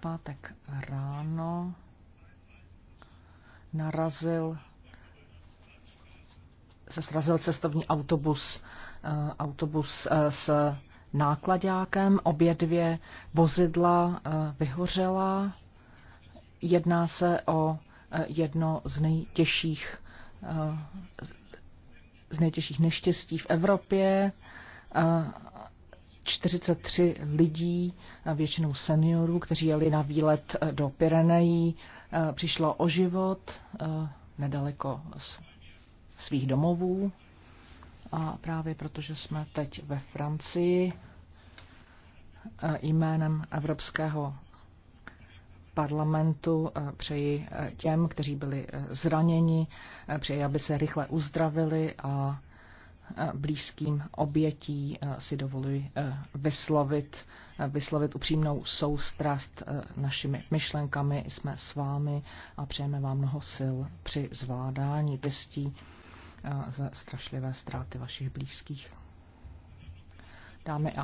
pátek ráno narazil, se srazil cestovní autobus, eh, autobus eh, s nákladákem. Obě dvě vozidla eh, vyhořela. Jedná se o jedno z nejtěžších, z nejtěžších neštěstí v Evropě 43 lidí, většinou seniorů, kteří jeli na výlet do Pirenejí, e, přišlo o život e, nedaleko svých domovů. A právě protože jsme teď ve Francii e, jménem Evropského parlamentu přeji těm, kteří byli zraněni, přeji, aby se rychle uzdravili a Eh, blízkým obětí eh, si dovoluji eh, vyslovit, vyslovit upřímnou soustrast našimi myšlenkami. Jsme s vámi a přejeme vám mnoho sil při zvládání testí ze strašlivé ztráty vašich blízkých. Dámy a